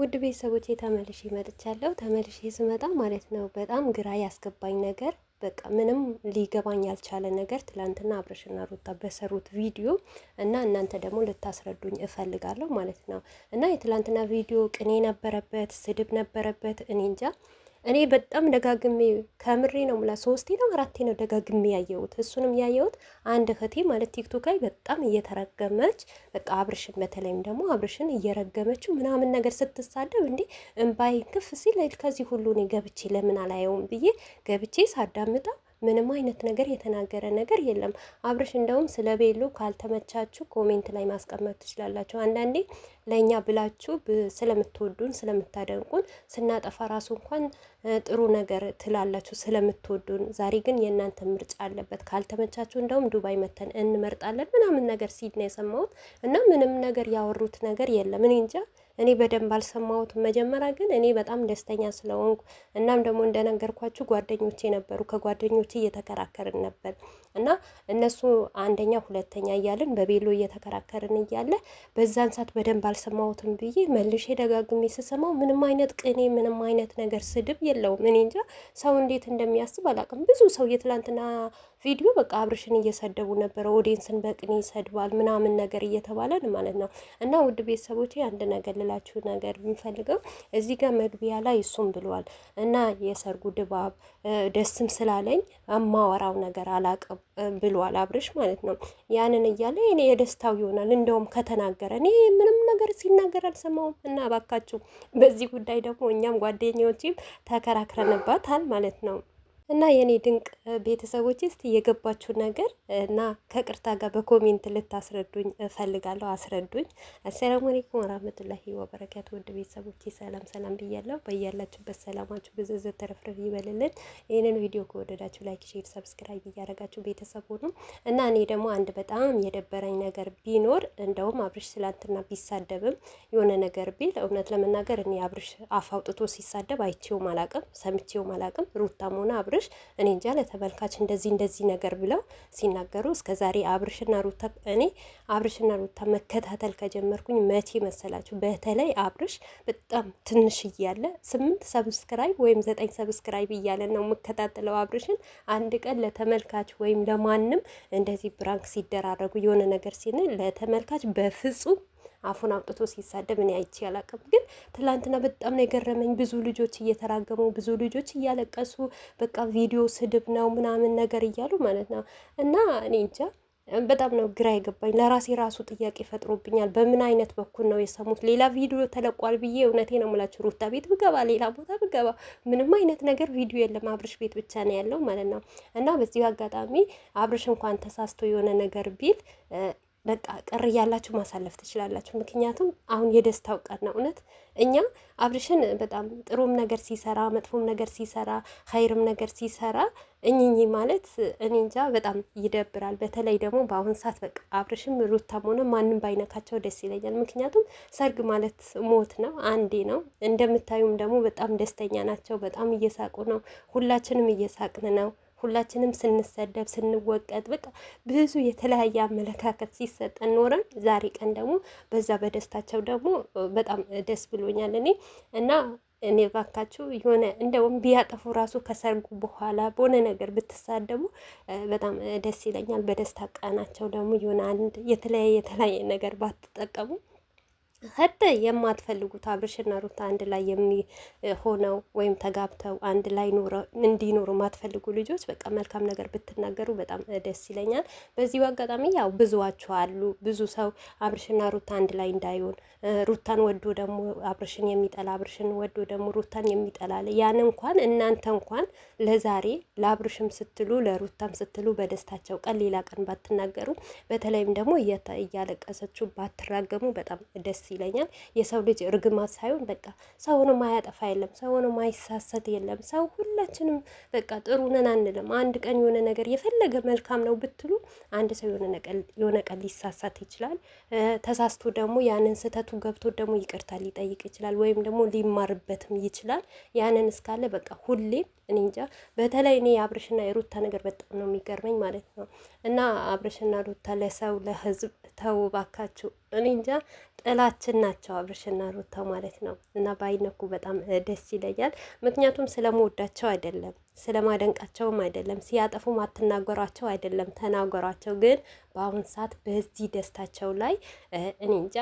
ውድ ቤተሰቦቼ ተመልሼ መጥቻለሁ። ተመልሼ ስመጣ ማለት ነው በጣም ግራ ያስገባኝ ነገር በቃ ምንም ሊገባኝ ያልቻለ ነገር ትላንትና አብረሽና ሩታ በሰሩት ቪዲዮ እና እናንተ ደግሞ ልታስረዱኝ እፈልጋለሁ ማለት ነው። እና የትላንትና ቪዲዮ ቅኔ ነበረበት፣ ስድብ ነበረበት፣ እኔ እንጃ እኔ በጣም ደጋግሜ ከምሬ ነው ምላ ሶስቴ ነው አራቴ ነው ደጋግሜ ያየሁት። እሱንም ያየሁት አንድ እህቴ ማለት ቲክቶክ ላይ በጣም እየተረገመች በቃ አብርሽን በተለይም ደግሞ አብርሽን እየረገመችው ምናምን ነገር ስትሳደብ እንዲህ እምባይ ክፍ ሲል ከዚህ ሁሉ እኔ ገብቼ ለምን አላየውም ብዬ ገብቼ ሳዳምጣ ምንም አይነት ነገር የተናገረ ነገር የለም። አብርሽ እንደውም ስለ ቤሉ ካልተመቻችሁ ኮሜንት ላይ ማስቀመጥ ትችላላችሁ። አንዳንዴ ለእኛ ብላችሁ ስለምትወዱን ስለምታደንቁን ስናጠፋ ራሱ እንኳን ጥሩ ነገር ትላላችሁ ስለምትወዱን። ዛሬ ግን የእናንተ ምርጫ አለበት። ካልተመቻችሁ እንደውም ዱባይ መተን እንመርጣለን ምናምን ነገር ሲድ ነው የሰማሁት እና ምንም ነገር ያወሩት ነገር የለም እኔ እንጃ። እኔ በደንብ አልሰማሁትም። መጀመሪያ ግን እኔ በጣም ደስተኛ ስለሆንኩ እናም ደግሞ እንደነገርኳችሁ ጓደኞቼ ነበሩ። ከጓደኞቼ እየተከራከርን ነበር። እና እነሱ አንደኛ ሁለተኛ እያልን በቤሎ እየተከራከርን እያለ በዛን ሰዓት በደንብ አልሰማሁትም ብዬ መልሼ ደጋግሜ ስሰማው ምንም አይነት ቅኔ፣ ምንም አይነት ነገር ስድብ የለውም። እኔ እንጃ ሰው እንዴት እንደሚያስብ አላውቅም። ብዙ ሰው የትላንትና ቪዲዮ በቃ አብርሽን እየሰደቡ ነበረ። ኦዲንስን በቅኔ ይሰድባል ምናምን ነገር እየተባለን ማለት ነው። እና ውድ ቤተሰቦች አንድ ነገር ልላችሁ ነገር የምፈልገው እዚህ ጋር መግቢያ ላይ እሱም ብሏል እና የሰርጉ ድባብ ደስም ስላለኝ አማወራው ነገር አላቅም ብሏል አብርሽ ማለት ነው። ያንን እያለ እኔ የደስታው ይሆናል እንደውም ከተናገረ እኔ ምንም ነገር ሲናገር አልሰማውም። እና እባካችሁ በዚህ ጉዳይ ደግሞ እኛም ጓደኞችም ተከራክረንባታል ማለት ነው። እና የኔ ድንቅ ቤተሰቦች እስቲ የገባችሁ ነገር እና ከቅርታ ጋር በኮሜንት ልታስረዱኝ እፈልጋለሁ። አስረዱኝ። አሰላሙ አለይኩም ወራህመቱላሂ ወበረካቱ። ውድ ቤተሰቦች ሰላም ሰላም ብያለሁ። በያላችሁበት ሰላማችሁ ብዝዝ ተረፍረፍ ይበልልን። ይህንን ቪዲዮ ከወደዳችሁ ላይክ፣ ሼር፣ ሰብስክራይብ እያደረጋችሁ ቤተሰብ ሁኑ እና እኔ ደግሞ አንድ በጣም የደበረኝ ነገር ቢኖር እንደውም አብርሽ ትላንትና ቢሳደብም የሆነ ነገር ቢል እውነት ለመናገር እኔ አብርሽ አፍ አውጥቶ ሲሳደብ አይቼውም አላቅም ሰምቼውም አላቅም ሩታም ሆነ አብርሽ አብርሽ እኔ እንጃ ለተመልካች እንደዚህ እንደዚህ ነገር ብለው ሲናገሩ እስከ ዛሬ አብርሽና ሩታ እኔ አብርሽና ሩታ መከታተል ከጀመርኩኝ መቼ መሰላችሁ? በተለይ አብርሽ በጣም ትንሽ እያለ ስምንት ሰብስክራይብ ወይም ዘጠኝ ሰብስክራይብ እያለ ነው የምከታተለው አብርሽን። አንድ ቀን ለተመልካች ወይም ለማንም እንደዚህ ብራንክ ሲደራረጉ የሆነ ነገር ሲንል ለተመልካች በፍጹም አፉን አውጥቶ ሲሳደብ እኔ አይቼ አላቅም። ግን ትላንትና በጣም ነው የገረመኝ። ብዙ ልጆች እየተራገሙ፣ ብዙ ልጆች እያለቀሱ በቃ ቪዲዮ ስድብ ነው ምናምን ነገር እያሉ ማለት ነው እና እኔ እንጃ በጣም ነው ግራ የገባኝ። ለራሴ ራሱ ጥያቄ ፈጥሮብኛል። በምን አይነት በኩል ነው የሰሙት? ሌላ ቪዲዮ ተለቋል ብዬ እውነቴ ነው የምላችሁ ሩታ ቤት ብገባ፣ ሌላ ቦታ ብገባ ምንም አይነት ነገር ቪዲዮ የለም። አብርሽ ቤት ብቻ ነው ያለው ማለት ነው እና በዚሁ አጋጣሚ አብርሽ እንኳን ተሳስቶ የሆነ ነገር ቢል በቃ ቅር እያላችሁ ማሳለፍ ትችላላችሁ። ምክንያቱም አሁን የደስታው ቀን ነው። እውነት እኛ አብርሽን በጣም ጥሩም ነገር ሲሰራ፣ መጥፎም ነገር ሲሰራ፣ ኸይርም ነገር ሲሰራ እኝኝ ማለት እኔ እንጃ በጣም ይደብራል። በተለይ ደግሞ በአሁን ሰዓት በቃ አብርሽም ሩታም ሆነ ማንም ባይነካቸው ደስ ይለኛል። ምክንያቱም ሰርግ ማለት ሞት ነው፣ አንዴ ነው። እንደምታዩም ደግሞ በጣም ደስተኛ ናቸው። በጣም እየሳቁ ነው። ሁላችንም እየሳቅን ነው። ሁላችንም ስንሰደብ ስንወቀጥ፣ በቃ ብዙ የተለያየ አመለካከት ሲሰጠን ኖረን ዛሬ ቀን ደግሞ በዛ በደስታቸው ደግሞ በጣም ደስ ብሎኛል እኔ እና እኔ ባካችሁ የሆነ እንደውም ቢያጠፉ ራሱ ከሰርጉ በኋላ በሆነ ነገር ብትሳደቡ በጣም ደስ ይለኛል። በደስታ ቀናቸው ደግሞ የሆነ አንድ የተለያየ የተለያየ ነገር ባትጠቀሙ ከደ የማትፈልጉት አብርሽና ሩታ አንድ ላይ የሚሆነው ወይም ተጋብተው አንድ ላይ እንዲኖሩ የማትፈልጉ ልጆች በቃ መልካም ነገር ብትናገሩ በጣም ደስ ይለኛል። በዚሁ አጋጣሚ ያው ብዙዋችሁ አሉ። ብዙ ሰው አብርሽና ሩታ አንድ ላይ እንዳይሆን ሩታን ወዶ ደግሞ አብርሽን የሚጠላ አብርሽን ወዶ ደግሞ ሩታን የሚጠላል ያን እንኳን እናንተ እንኳን ለዛሬ ለአብርሽም ስትሉ ለሩታም ስትሉ በደስታቸው ቀን ሌላ ቀን ባትናገሩ፣ በተለይም ደግሞ እያለቀሰችው ባትራገሙ በጣም ደስ ይለኛል። የሰው ልጅ እርግማት ሳይሆን በቃ ሰው ሆኖ ማያጠፋ የለም፣ ሰው ሆኖ ማይሳሰት የለም። ሰው ሁላችንም በቃ ጥሩ ነን አንልም። አንድ ቀን የሆነ ነገር የፈለገ መልካም ነው ብትሉ አንድ ሰው የሆነ ቀን ሊሳሳት ይችላል። ተሳስቶ ደግሞ ያንን ስህተቱ ገብቶ ደግሞ ይቅርታ ሊጠይቅ ይችላል፣ ወይም ደግሞ ሊማርበትም ይችላል። ያንን እስካለ በቃ ሁሌም እኔ እንጃ። በተለይ እኔ የአብርሽና የሩታ ነገር በጣም ነው የሚገርመኝ ማለት ነው እና አብርሽና ሩታ ለሰው ለህዝብ ተው ባካችሁ እኔ እንጃ ጥላችን ናቸው አብርሽና ሩታ ማለት ነው። እና በአይነኩ በጣም ደስ ይለኛል። ምክንያቱም ስለመወዳቸው አይደለም ስለማደንቃቸውም አይደለም ሲያጠፉ ማትናገሯቸው አይደለም ተናገሯቸው። ግን በአሁን ሰዓት በዚህ ደስታቸው ላይ እኔ እንጃ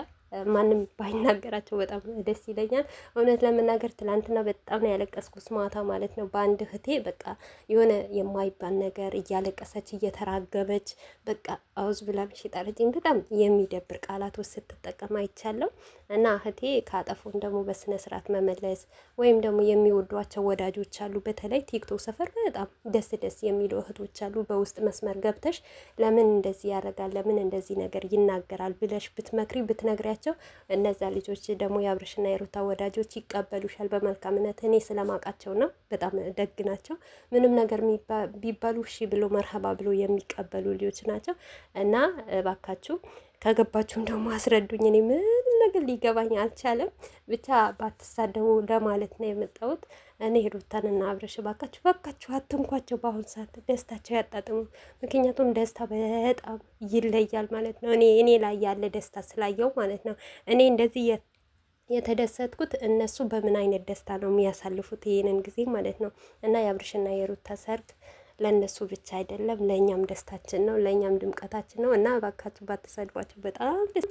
ማንም ባይናገራቸው በጣም ደስ ይለኛል። እውነት ለመናገር ትላንትና በጣም ነው ያለቀስኩት ማታ ማለት ነው። በአንድ እህቴ በቃ የሆነ የማይባል ነገር እያለቀሰች እየተራገበች በቃ አውዝ ብላ ሽጣረጅኝ በጣም የሚደብር ውስጥ ስትጠቀም አይቻለሁ። እና እህቴ ካጠፉን ደግሞ በስነ ስርዓት መመለስ ወይም ደግሞ የሚወዷቸው ወዳጆች አሉ። በተለይ ቲክቶክ ሰፈር በጣም ደስ ደስ የሚሉ እህቶች አሉ። በውስጥ መስመር ገብተሽ ለምን እንደዚህ ያደርጋል፣ ለምን እንደዚህ ነገር ይናገራል ብለሽ ብትመክሪ ብትነግሪያ ናቸው። እነዛ ልጆች ደግሞ የአብርሽና የሩታ ወዳጆች ይቀበሉሻል በመልካምነት እኔ ስለማውቃቸው ነው። በጣም ደግ ናቸው። ምንም ነገር ቢባሉ እሺ ብሎ መርሃባ ብሎ የሚቀበሉ ልጆች ናቸው እና እባካችሁ ከገባችሁም ደግሞ አስረዱኝ። እኔ ምንም ነገር ሊገባኝ አልቻለም። ብቻ ባትሳደቡ ለማለት ነው የመጣሁት። እኔ ሩታንና አብረሽ ባካችሁ ባካችሁ አትንኳቸው። በአሁን ሰዓት ደስታቸው ያጣጥሙ። ምክንያቱም ደስታ በጣም ይለያል ማለት ነው። እኔ እኔ ላይ ያለ ደስታ ስላየው ማለት ነው። እኔ እንደዚህ የተደሰትኩት እነሱ በምን አይነት ደስታ ነው የሚያሳልፉት ይህንን ጊዜ ማለት ነው። እና የአብረሽና የሩታ ሰርግ ለእነሱ ብቻ አይደለም፣ ለእኛም ደስታችን ነው፣ ለእኛም ድምቀታችን ነው። እና ባካችሁ ባትሰድቧቸው በጣም